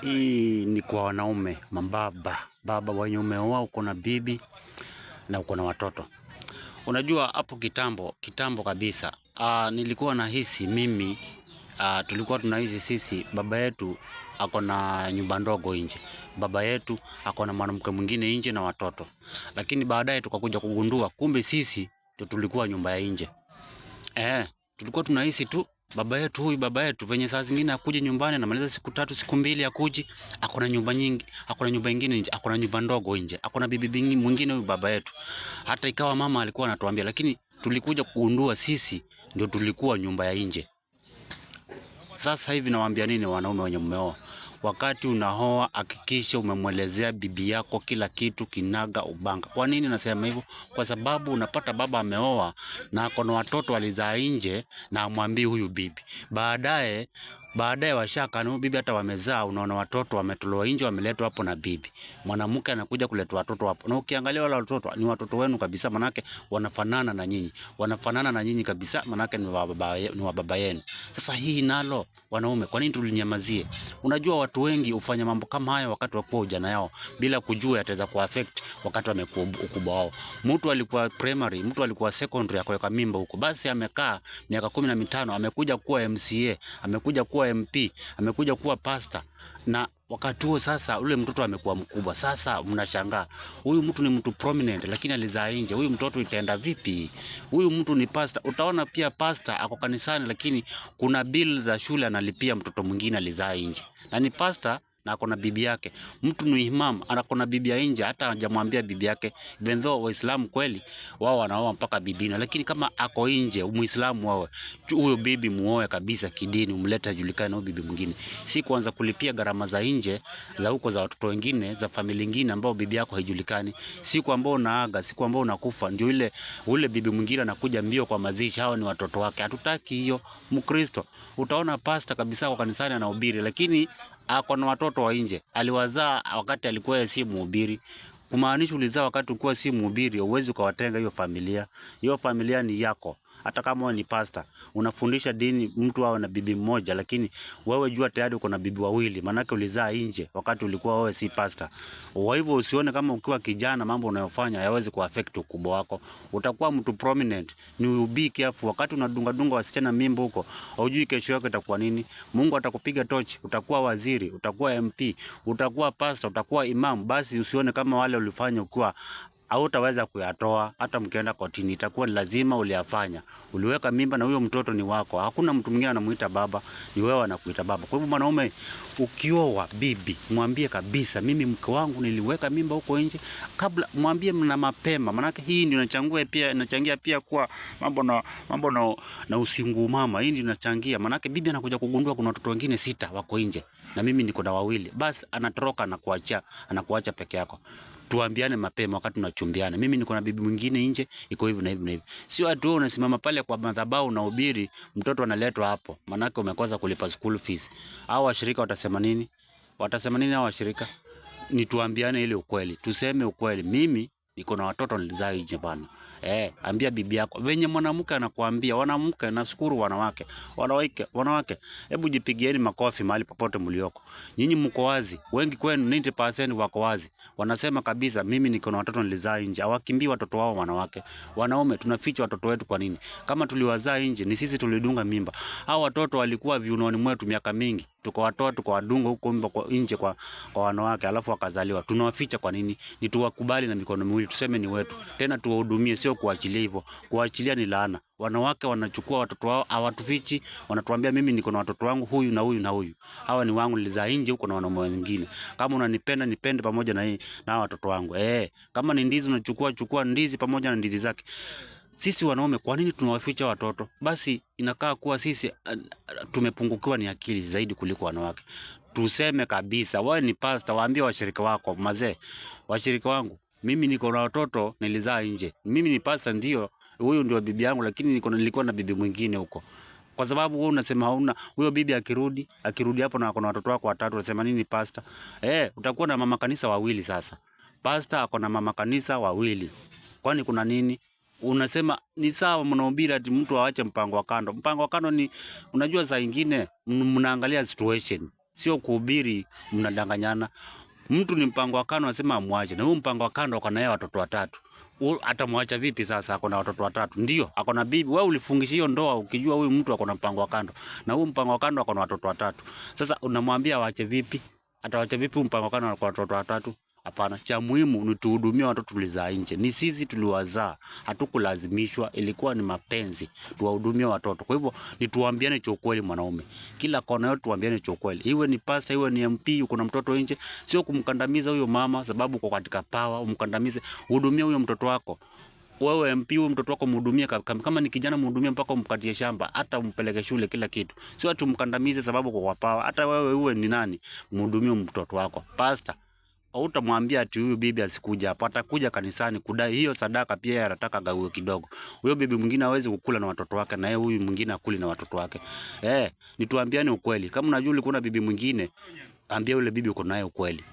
Hii ni kwa wanaume mababa, baba wenye umeoa, uko na bibi na uko na watoto. Unajua hapo kitambo, kitambo kabisa, aa, ah, nilikuwa nahisi mimi aa, ah, tulikuwa tunahisi sisi baba yetu ako na nyumba ndogo nje, baba yetu ako na mwanamke mwingine nje na watoto, lakini baadaye tukakuja kugundua kumbe sisi ndio tulikuwa nyumba ya nje. Eh, tulikuwa tunahisi tu baba yetu huyu, baba yetu venye saa zingine akuje nyumbani anamaliza siku tatu siku mbili, akuje akona nyumba nyingi, akona nyumba nyingine nje, akona nyumba ndogo nje, akona bibi mwingine huyu baba yetu. Hata ikawa mama alikuwa anatuambia, lakini tulikuja kugundua sisi ndio tulikuwa nyumba ya nje. Sasa hivi nawaambia nini wanaume wenye mmeoa? Wakati unaoa hakikisha umemwelezea bibi yako kila kitu kinaga ubanga Kwa nini nasema hivyo? Kwa sababu unapata baba ameoa na ako na watoto alizaa nje na amwambii huyu bibi baadaye baadaye washakanua bibi, hata wamezaa, unaona watoto wametolewa nje, wameletwa hapo na bibi. Mwanamke anakuja kuleta watoto hapo, na ukiangalia wale watoto ni watoto wenu kabisa, manake wanafanana na nyinyi, wanafanana na nyinyi kabisa, manake ni wa ni wa baba yenu. Sasa hii nalo wanaume, kwa nini tulinyamazie? Unajua watu wengi hufanya mambo kama haya wakati wakuwa ujana yao bila kujua yataweza kuaffect wakati wamekuwa ukubwa wao. Mtu alikuwa primary, mtu alikuwa secondary akaweka mimba huko, basi amekaa miaka kumi na mitano amekuja kuwa MCA, amekuja kuwa kuwa MP, amekuja kuwa pasta, na wakati huo sasa ule mtoto amekuwa mkubwa. Sasa mnashangaa huyu mtu ni mtu prominent, lakini alizaa nje. Huyu mtoto itaenda vipi? Huyu mtu ni pasta. Utaona pia pasta ako kanisani, lakini kuna bill za shule analipia mtoto mwingine alizaa nje, na ni pasta na ako na bibi yake. Mtu ni imam anako na bibi ya nje, hata hajamwambia bibi yake, even though Waislamu kweli wao wanaoa mpaka bibina, lakini kama ako nje Muislamu, wao huyo bibi muoe kabisa kidini, umlete ajulikane na bibi mwingine, si kuanza kulipia gharama za nje za huko za watoto wengine za familia nyingine ambao bibi yako haijulikani. Siku ambao unaaga, siku ambao unakufa, ndio ile ule bibi mwingine anakuja mbio kwa mazishi. Hao ni watoto wake, hatutaki hiyo. Mkristo utaona pasta kabisa kwa kanisani anahubiri, lakini ako ah, na watoto wa nje, aliwazaa wakati alikuwa si mhubiri. Kumaanisha ulizaa wakati ulikuwa si mhubiri, uwezi ukawatenga hiyo familia. Hiyo familia ni yako hata kama wewe ni pasta unafundisha dini mtu awe na bibi mmoja, lakini wewe jua tayari uko na bibi wawili, maanake ulizaa nje wakati ulikuwa wewe si pasta. Kwa hivyo usione kama ukiwa kijana mambo unayofanya hayawezi kuaffect ukubwa wako, utakuwa mtu prominent. Ni be careful wakati unadunga dunga wasichana mimba huko, haujui kesho yako itakuwa nini. Mungu atakupiga tochi, utakuwa waziri, utakuwa MP, utakuwa pasta, utakuwa imam. Basi usione kama wale ulifanya ukiwa hautaweza kuyatoa. Hata mkienda kotini, itakuwa lazima uliyafanya, uliweka mimba na huyo mtoto ni wako. Hakuna mtu mwingine anamuita baba, ni wewe anakuita baba. Kwa hivyo, mwanaume ukioa bibi, mwambie kabisa, mimi mke wangu niliweka mimba huko nje, kabla mwambie na mapema, manake hii ndio inachangua pia, inachangia pia kwa mambo na mambo na, na usingu mama. Hii ndio inachangia, manake bibi anakuja kugundua kuna watoto wengine sita wako nje na mimi niko na wawili, basi anatoroka, anakuacha, anakuacha peke yako tuambiane mapema wakati tunachumbiana. Mimi niko na bibi mwingine nje, iko hivi na hivi na hivi. Sio watu wewe unasimama pale kwa madhabahu ubiri mtoto analetwa hapo, manake umekosa kulipa school fees. Hao washirika watasema nini? Watasema nini hao washirika? Ni tuambiane ile ukweli, tuseme ukweli. Mimi iko na watoto nilizaa nje bana. Eh, ambia bibi yako venye mwanamke anakuambia, wanamke nashukuru wanawake, wanawake, wanawake, hebu jipigieni makofi mahali popote mlioko. Nyinyi mko wazi, wengi kwenu 90% wako wazi, wanasema kabisa, mimi niko na watoto nilizaa nje. Hawakimbii watoto wao wanawake. Wanaume tunaficha watoto wetu kwa nini? Kama tuliwazaa nje, ni sisi tulidunga mimba. Hao watoto walikuwa viunoni mwetu miaka mingi tukawatoa tukawadunga huko mba kwa nje kwa, kwa wanawake alafu wakazaliwa. Tunawaficha kwa nini? Ni tuwakubali na mikono miwili, tuseme ni wetu, tena tuwahudumie, sio kuachilia hivyo. Kuachilia ni laana. Wanawake wanachukua watoto wao, hawatufichi, wanatuambia mimi niko na watoto wangu huyu na huyu na huyu, hawa ni wangu, nilizaa nje huko na wanaume wengine. Kama unanipenda nipende pamoja na hii na watoto wangu eh. Kama ni ndizi unachukua chukua ndizi pamoja na ndizi zake. Sisi wanaume kwa nini tunawaficha watoto? Basi inakaa kuwa sisi ah, tumepungukiwa ni akili zaidi kuliko wanawake. Tuseme kabisa, wewe ni pasta, waambie washirika wako, mazee, washirika wangu, mimi niko na watoto nilizaa nje. Mimi ni pasta, ndio huyu ndio bibi yangu, lakini niko nilikuwa na bibi mwingine huko. Kwa sababu wewe unasema hauna huyo bibi, akirudi akirudi hapo na kuna watoto wako watatu, unasema nini pasta? Eh, utakuwa na mama kanisa wawili sasa. Pasta ako na mama kanisa wawili, kwani kuna nini? unasema ni sawa, mnaombira ati mtu aache mpango wa kando. Mpango wa kando ni unajua, saa ingine mnaangalia situation, sio kuhubiri, mnadanganyana. Mtu ni mpango wa kando, anasema amwache, na huyu mpango wa kando ako naye watoto watatu. Atamwacha vipi sasa? Ako na watoto watatu, ndio ako na bibi. Wewe ulifungisha hiyo ndoa ukijua huyu mtu ako na mpango wa kando, na huyu mpango wa kando ako na watoto watatu. Sasa unamwambia waache vipi? Atawacha vipi mpango wa kando na watoto watatu? Hapana, cha muhimu ni tuhudumie watoto tulizaa nje. Ni sisi tuliwazaa, hatukulazimishwa, ilikuwa ni mapenzi. Tuwahudumie watoto. Kwa hivyo ni tuambiane cha ukweli, mwanaume, kila kona yote tuambiane cha ukweli, iwe ni pasta, iwe ni MP, kuna mtoto nje, sio kumkandamiza huyo mama sababu kwa katika pawa, umkandamize. hudumie huyo mtoto wako wewe MP, huyo mtoto wako mhudumie, kama ni kijana mhudumie mpaka umkatie shamba, hata umpeleke shule, kila kitu, sio atumkandamize sababu kwa pawa. Hata wewe uwe ni nani, mhudumie mtoto wako. Pasta hautamwambia ati huyu bibi asikuja hapa, atakuja kanisani kudai hiyo sadaka, pia anataka gawiwe kidogo. Huyo bibi mwingine hawezi kukula na watoto wake, na yeye huyu mwingine akuli na watoto wake. Eh, nituambiane ukweli. Kama unajua ulikuwa na bibi mwingine, ambia yule bibi uko naye ukweli.